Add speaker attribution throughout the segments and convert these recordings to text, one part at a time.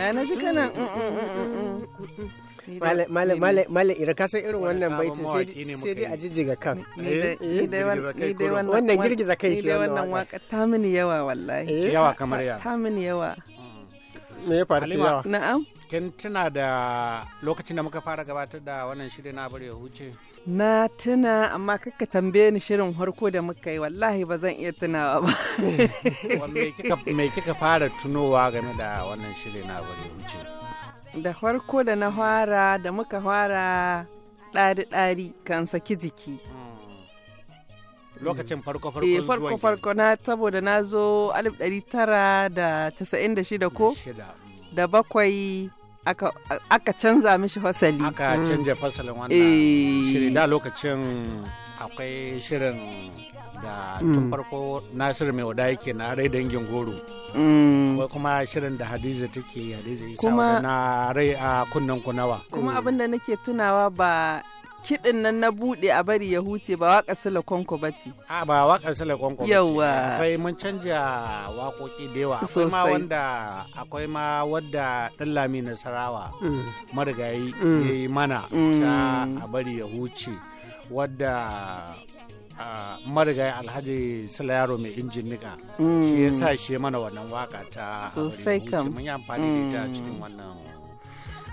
Speaker 1: ya na ji kana mm, mm,
Speaker 2: mm, Mala ira ka san irin wannan baitin sai dai a jijjiga kan. Eh? Wannan girgiza kai wannan waka. Ta mini yawa
Speaker 3: wallahi. Eh? Yawa kamar yawa. Ta
Speaker 1: mini yawa. Me ya faru yawa? Na'am.
Speaker 3: kin tuna da lokacin da muka fara gabatar da wannan shirin na bari ya huce
Speaker 1: na tuna amma kaka tambaye ni shirin harko da muka yi wallahi ba zan iya tunawa ba
Speaker 3: me kika fara tunowa game da wannan shirin na bari ya huce
Speaker 1: da harko da na fara da muka fara ɗari-ɗari kan saki jiki
Speaker 3: hmm. lokacin farko farko eh, zuwa farko farko
Speaker 1: na saboda na zo 1996 ko da hmm. bakwai aka canza mishi fasali aka mm. canja fasalin wannan
Speaker 3: eh. shirin da lokacin akwai shirin da tun mm. farko nasiru mai wada yake na rai dangin goro mm. wai kuma shirin da hadiza take hadiza isa na rai a kunnen kunawa kuma
Speaker 1: abinda nake tunawa ba kiɗin nan na buɗe a bari ya huce ba waƙa sila
Speaker 3: kwanko ba ce. A ba waƙa sila kwanko ba ce. Yawa. Akwai mun canja waƙoƙi da yawa. Akwai ma wanda akwai ma wadda na Nasarawa mm. marigayi mm. ya yi mana mm. ta a bari ya huce wadda marigayi alhaji sila yaro mai injin nika shi ya sa shi mana wannan waka ta a bari ya huce mun yi amfani da ita cikin wannan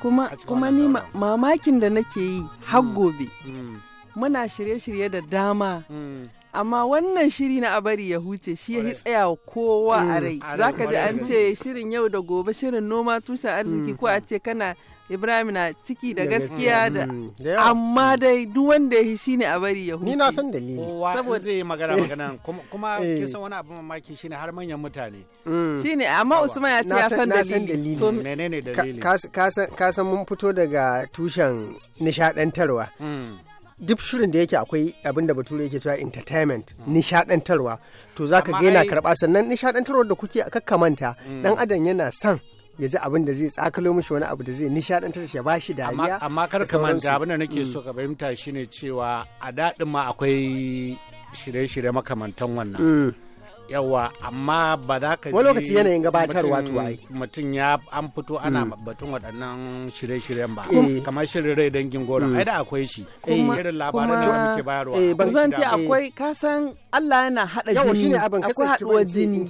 Speaker 1: kuma kuma ni mamakin da nake yi har mm. gobe mm. muna shirye-shirye da dama mm. amma wannan shiri na abari ya huce shi ya tsaya kowa mm, a rai za ka ji an ce shirin yau da gobe shirin noma tushen arziki ko a mm-hmm. ce kana ibrahim na ciki da gaskiya da mm, amma mm. dai duk wanda ya shi ne a
Speaker 3: bari ya huce ni na san dalili saboda zai yi magana magana kuma eh. kisa wani abu mamaki shine har manyan mutane
Speaker 2: shine amma usman ya ce ya san dalili
Speaker 3: menene dalili
Speaker 2: ka san mun fito daga tushen nishadantarwa duk shirin da yake akwai abin da bature yake cewa entertainment mm. nishadantarwa to zaka ga yana karba sannan nishadantarwar da kuke kakkamanta dan mm. adam yana son ya ji abin da zai tsakalo mishi wani abu da zai nishadantar shi ba shi dariya amma kar ka manta abin da nake mm. so
Speaker 3: ka fahimta shine cewa a daɗin ma akwai shirye-shirye makamantan wannan yawa amma ba za ka wani lokaci yanayin gabatarwa to ai mutum ya an fito ana hmm. batun waɗannan shirye-shiryen ba eh. kamar shirin rai dangin goro hmm. ai da akwai shi eh. irin labaran da muke bayarwa
Speaker 2: eh, ban zan ce akwai kasan Allah yana hada jini yawa shine abin akwai haduwar jini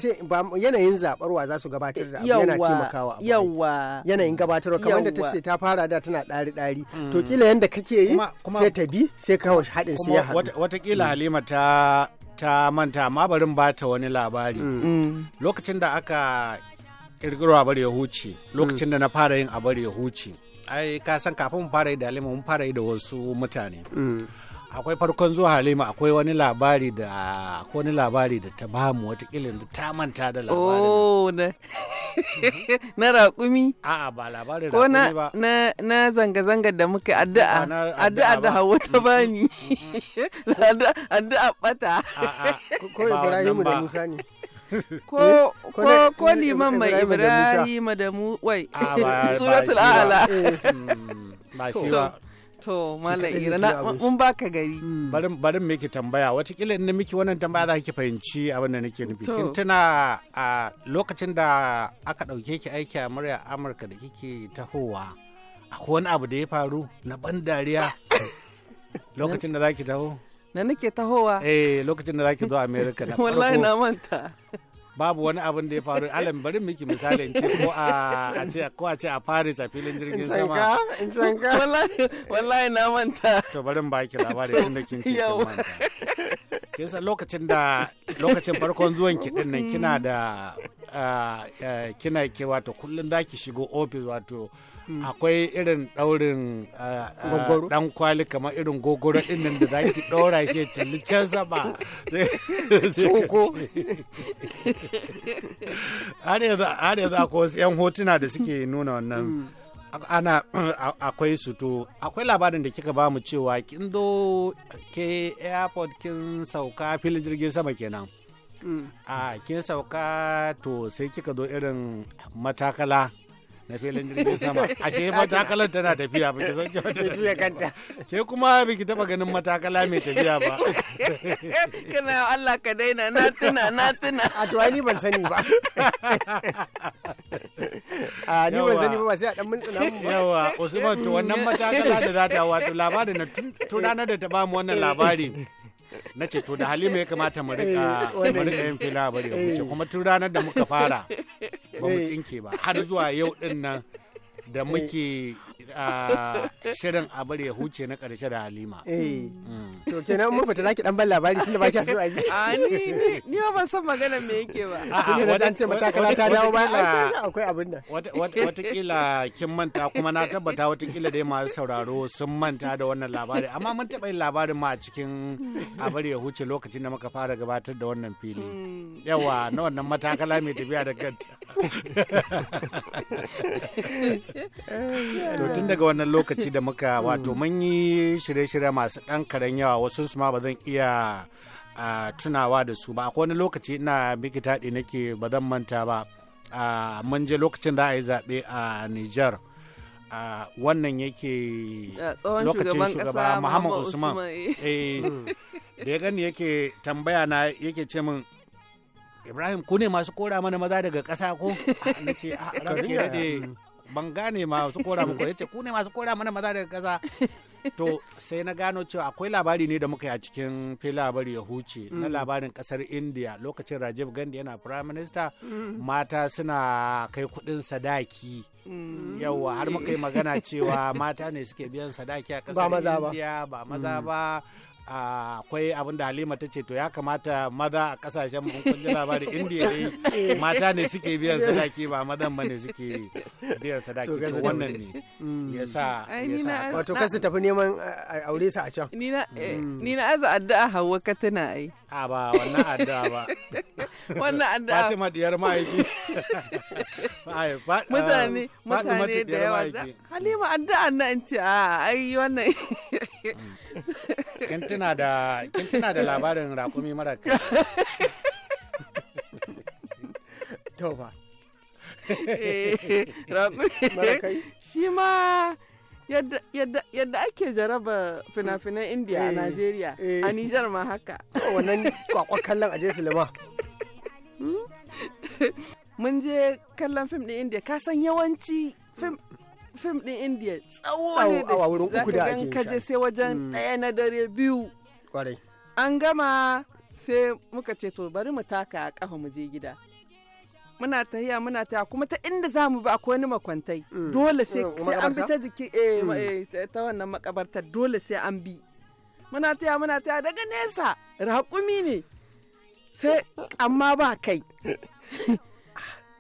Speaker 2: yanayin zabarwa za su gabatar da abu yana taimakawa abu yawa yanayin gabatarwa kamar da ce ta fara da tana dari dari hmm. to kila yanda kake yi sai ta bi sai kawo haɗin sai ya haɗu
Speaker 3: watakila halima ta ta manta ma barin bata wani labari mm. Mm. lokacin da aka kirkiro a bari ya huce lokacin da na fara yin a bari ya huce ai ka san kafin mu fara yi da mun fara yi da wasu mutane mm. akwai farkon zuwa halima akwai wani labari da akwai wani labari da ta bamu watakila da ta manta da labari. oh na na raƙumi a ba labarin ko
Speaker 1: na na zanga zanga da muka mm, mm, mm. addu'a addu'a da hawa ta bani addu'a bata ko ibrahimu da musa ne ko eh, ko liman mai ibrahimu da mu wai suratul a'la ba shi eh. to malam ira mun
Speaker 3: baka gari barin hmm. barin miki tambaya watakila in miki wannan tambaya za ki fahimci abin da nake nufi kin tuna a lokacin da aka dauke ki aiki a murya Amurka da kike tahowa akwai wani abu da ya faru na ban dariya lokacin da za ki taho na nake tahowa eh lokacin da za ki zo Amerika na wallahi na manta babu wani abin da ya faru alam bari miki misalin ce ko a ce ko a ce a Paris a filin jirgin sama in canka wallahi wallahi na manta to bari baki labarin tunda kin ce manta kai sa lokacin da lokacin farkon zuwan ki din nan kina mm. da kina ke wato kullun da ki shigo office wato mm. akwai irin daurin dan kwali kamar irin gogoro din nan da zaki daura shi cillicen sama tsoko har yanzu akwai wasu yan hotuna da suke nuna wannan mm. ana akwai su to akwai labarin da kika bamu cewa kin do ke airport kin sauka filin jirgin sama kenan mm. a kin sauka to sai kika zo irin matakala na filin jirgin sama ashe matakalar tana tafiya ba ki san cewa tafiya kanta ke kuma ba ki taba ganin matakala mai tafiya ba
Speaker 2: kana Allah ka daina na tuna na tuna a to ni ban sani ba a ni ban sani ba sai a dan mun yawa Usman to wannan matakala da za ta wato labarin
Speaker 3: na tun da ta ba mu wannan labari na ce to da halima ya kamata mu rika eh, mu rika yin fila bari ya eh. kuma tun ranar da muka fara ba mu eh. tsinke ba har zuwa yau din nan da muke shirin a bari ya huce na karshe da halima eh.
Speaker 2: mm. to kenan mun fita zaki dan ban labari tunda ba ki so a ji a ah, ni ni ban san magana me yake ba tunda na tance matakala ta dawo ba akwai abin wata
Speaker 3: watakila kin manta kuma na tabbata watakila dai masu sauraro sun manta da wannan labari amma mun taɓa yin labarin ma a cikin a bari ya huce lokacin da muka fara gabatar da wannan fili hmm. yawa na wannan matakala mai tafiya da kanta tun daga wannan lokaci da muka wato mun yi shirye-shirye masu ɗan karen yawa wasu su ma ba zan iya tunawa da su ba akwai wani lokaci ina miki taɗi nake ba zan manta ba mun je lokacin da a yi zaɓe a Nijar. wannan yake lokacin shugaba Muhammad Usman eh, hmm. da ya gani yake tambaya na yake ce min Ibrahim ku ne masu kora mana maza daga ƙasa ko? Na ce, a ranke daɗe hmm. ban gane masu kora muku ya ce ku ne masu kora mana maza daga kasa to sai na gano cewa akwai labari ne da muka yi a cikin labari ya huce na mm. labarin kasar india lokacin rajiv gandhi yana prime minister mm. mata suna kai kudin sadaki mm. yawa har muka yi magana cewa mata ne suke biyan sadaki a kasar india ba maza ba akwai abin da halima ta ce to ya kamata maza a kasashen kun ji labarin indiya ne mata ne suke biyan sadaki ba mazan ba ne suke biyan sadaki to wannan ne mm. ya sa wato kasu
Speaker 2: tafi neman aure sa a can ni na eh, mm. aza
Speaker 1: addu'a hawa ka ai a ba wannan addu'a ba wannan addu'a
Speaker 3: fatima diyar ma'aiki mutane eh, mutane da yawa
Speaker 1: halima addu'a na in ce a ai wannan
Speaker 3: kin tuna da labarin raƙumi mara eh, kai
Speaker 2: to ba
Speaker 1: shi ma yadda ake jaraba fina-finan india a eh, najeriya a eh. nijar ma haka
Speaker 2: wannan kwakwa kallon aje Sulema. Hmm?
Speaker 1: mun je kallon fim ɗin ka san yawanci fim fim din indiya tsawo ne da shi idan ka je sai wajen hmm. ɗaya na dare biyu kwarai an gama sai muka ce to bari mu taka a kafa mu je gida muna tahiya muna tahiya kuma ta inda za mu bi akwai wani makwantai hmm. dole hmm, sai an bi ta jiki eh, eh, ta wannan makabartar dole sai an bi muna tahiya muna tahiya daga nesa raƙumi ne sai amma ba kai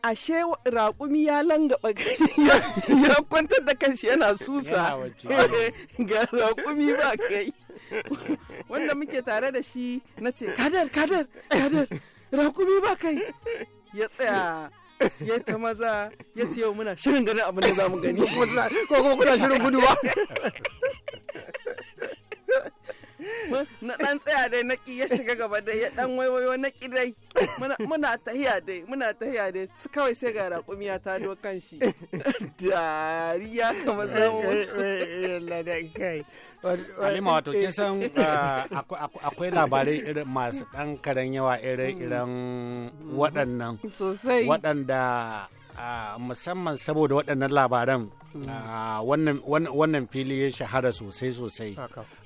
Speaker 1: ashe raƙumi ya langaba ya kwantar da kanshi yana susa ga raƙumi ba kai wanda muke tare da shi na ce kadar kadar kadar raƙumi ba kai ya tsaya ya ta maza ya ce yau muna shirin ganin abin da za mu gani ko kuna shirin guduwa na dan tsaya dai na ya shiga gaba dai ya dan waiwayo na dai muna tahiya dai muna tahiya dai kawai sai ga raƙumiya ta do kan shi dariya kamar
Speaker 3: zamu eh,
Speaker 2: eh, eh, wuce Halima wato kin san ah,
Speaker 3: akwai labarai irin masu ɗan karen yawa irin irin mm. waɗannan sosai waɗanda ah, musamman saboda waɗannan labaran mm. ah, wannan fili ya shahara sosai-sosai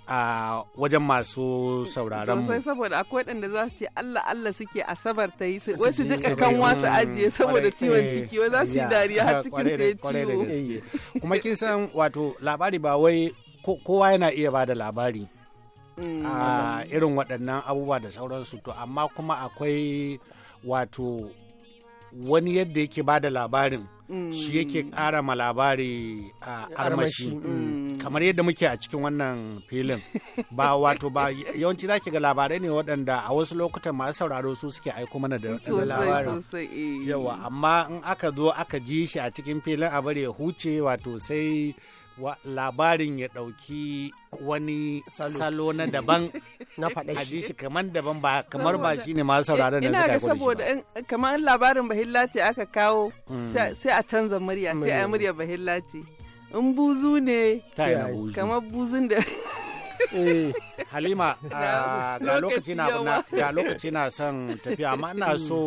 Speaker 3: a wajen masu sauraron mu. Sosai
Speaker 1: saboda akwai waɗanda za su ce Allah Allah suke asabar ta yi sai su ji kan wasu ajiye saboda ciwon eh, ciki wai za su yi dariya har cikin sai ciwo.
Speaker 3: Kuma kin san wato labari ba wai kowa yana iya ba da labari. Mm. A irin waɗannan abubuwa da sauransu to amma kuma akwai wato wani yadda yake ba da labarin shi yake mm. ƙara ma labari a armashi. Mm. kamar yadda muke a cikin wannan filin ba wato ba yawanci zaki ga labarai ne waɗanda a wasu lokutan masu sauraro su suke aiko mana da labarin eh. yawa amma in aka zo aka ji shi a cikin filin a bari ya huce wato sai labarin ya ɗauki wani salo na daban na faɗa shi shi kamar daban ba kamar ba shi ne masu sauraron da suka kudu saboda
Speaker 1: kamar labarin bahillaci aka kawo mm. sai a canza murya sai a yi mm. murya bahillaci in
Speaker 3: buzu ne kamar buzun da eh, halima ah, ga lokaci na son tafiya amma ina so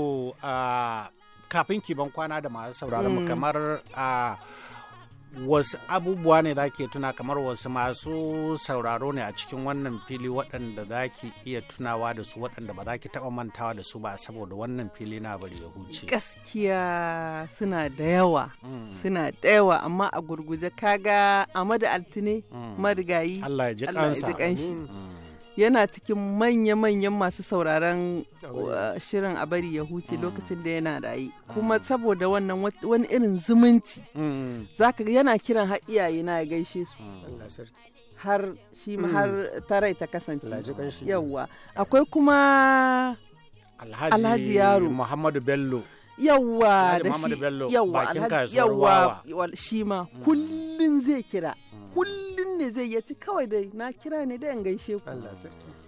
Speaker 3: ah, kafin ki ban kwana da masu sauraron mm. kamar a ah, wasu abubuwa ne zaki tuna kamar wasu masu sauraro ne a cikin wannan fili waɗanda zaki iya tunawa da su waɗanda ba zaki taɓa mantawa da su ba saboda wannan fili na bari ya huce
Speaker 1: gaskiya suna da yawa mm. suna da yawa amma a gurguje kaga da altine mm. marigayi allah ya ji kansa yana cikin manya-manyan masu sauraron uh, shirin a bari ya huce mm. lokacin da yana rayu mm. kuma saboda wannan wani irin zumunci mm. zaka yana kiran har iyaye na gaishe su har shi har tarai ta kasance yawwa akwai kuma
Speaker 3: alhaji yaro muhammadu bello
Speaker 1: yawwa da shi yawwa yawwa shi ma kullun zai kira Kullum ne zai yaci kawai da na kira ne da in gaishe ku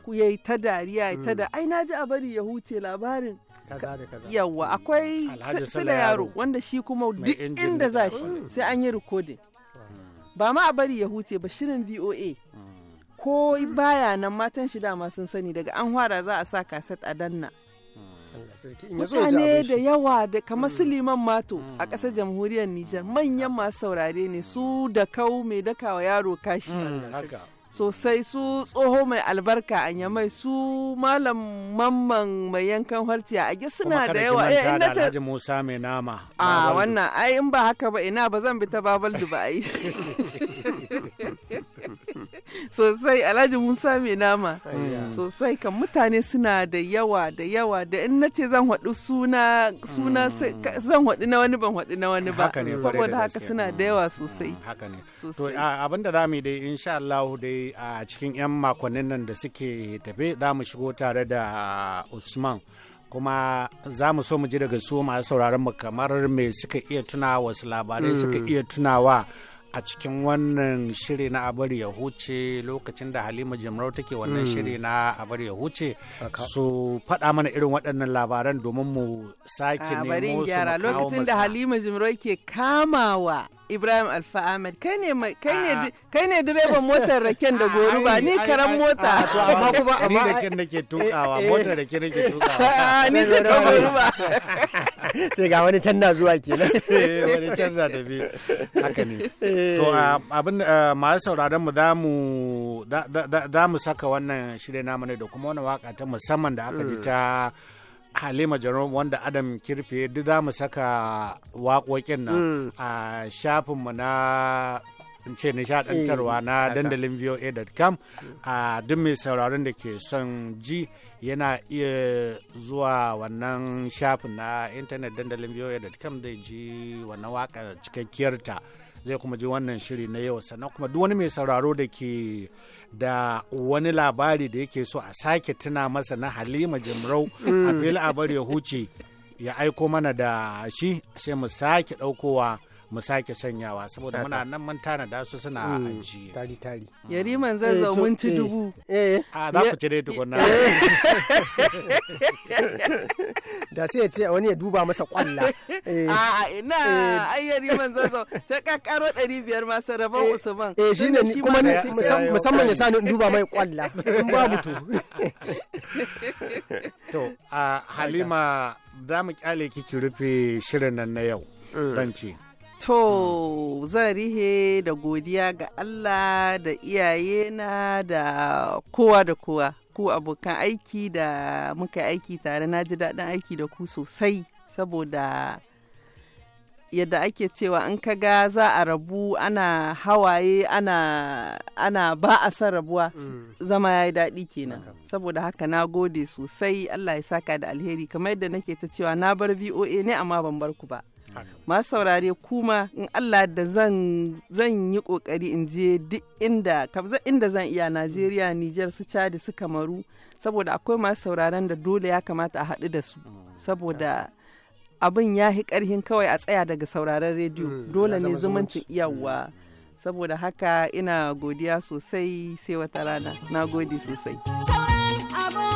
Speaker 1: ku yayi ta dariya ta hmm. da ai ji a bari ya huce labarin yawa akwai sila yaro wanda shi kuma duk inda za shi sai an yi rikodin hmm. ba ma a bari ya huce ba shirin voa hmm. ko baya nan matan shi dama sun sani daga an hwara za a sa kaset a danna
Speaker 2: mutane da
Speaker 1: yawa da kamar su mm. mato a mm. ƙasar jamhuriyar nijar manyan masu saurare ne su da kau mai dakawa yaro kashi mm, sosai su tsoho mai albarka a nyamai su malam mamman mai yankan harciya a da yawa eh, a
Speaker 3: yi ta a wannan
Speaker 1: ai in ba haka ba ina ba zan bi ta babal ba sosai alhaji musa mai nama sosai kan mutane suna da yawa da yawa da in na ce zan haɗu suna suna
Speaker 3: mm. zan haɗu na wani ban haɗu na wani ba saboda haka
Speaker 1: suna da yawa sosai mm, haka ne to
Speaker 3: abin da zamu dai insha Allah dai a cikin yan makonnin nan da suke tafe zamu shigo tare da uh, Usman kuma za mu so mu ji daga su masu sauraron mu kamar me suka iya tuna wasu labarai suka mm. iya tunawa a cikin wannan shiri na abar ya huce lokacin da halima jimrau take wannan hmm. shiri na abar ya huce su faɗa mana irin waɗannan labaran domin mu sake nemo su lokacin da
Speaker 1: halima jimrau ke kamawa Ibrahim Alfa Ahmed kai ne direban motar raken da goruba ni karan mota to amma kuma amma
Speaker 3: raken nake eh, tukawa eh. motar raken nake
Speaker 2: tukawa ni ce goruba sai ga wani can na zuwa nan eh, wani can
Speaker 3: na tafi haka ne eh. to ah, abin eh, masu sauraron mu za mu saka wannan shirin namu ne da kuma wani waka ta musamman da aka ji mm. ta Halima jaron wanda Adam Kirfe duk za mu saka waƙoƙin nan mm. a shafinmu na in ce nishadantarwa eh, na dandalin voa.com a duk mai sauraron da ke son ji yana iya zuwa wannan shafin na intanet dandalin voa.com zai ji wannan waka cikakkiyarta zai kuma ji wannan shiri na yau sannan kuma duk wani mai sauraro da ke da wani labari da yake so a sake tuna masa na halima jimrau mm. a bil abar ya huce ya aiko mana da shi sai mu sake ɗaukowa mu sake sanyawa saboda muna nan mun da su suna mm. anshi tari tari
Speaker 2: mm. yariman eh, zo mun ci eh. dubu eh a ah, za ku ci dai tukunna da sai ya ce wani ya duba masa kwalla a eh. ah, ah, ina
Speaker 1: ai yariman zo sai ka karo 500 ma sarrafa
Speaker 2: usman eh shine kuma musamman ya sa ni duba mai kwalla in babu to
Speaker 3: to a halima za mu kyale kiki rufe shirin nan na yau ban ce
Speaker 1: To zan rihe da godiya ga Allah da iyayena na da
Speaker 3: kowa da kowa
Speaker 1: ku abokan aiki da muka aiki tare na ji daɗin aiki da ku sosai saboda yadda ake cewa an ka ga za a rabu ana hawaye ana, ana ba a san rabuwa mm. zama ya yi daɗi kenan saboda haka na gode sosai Allah ya saka da alheri kamar yadda nake ta cewa na bar VOA ne amma ban bar ku ba. masu saurare kuma in Allah da zan zan yi kokari in je duk inda kabza inda zan iya Najeriya Niger su Chad su Kamaru saboda akwai masu sauraron da dole ya kamata a haɗu da su saboda abin ya hi karhin kawai a tsaya daga sauraron rediyo hmm, dole ne zumuncin iyawa saboda haka ina godiya sosai sai wata rana na gode
Speaker 4: sosai.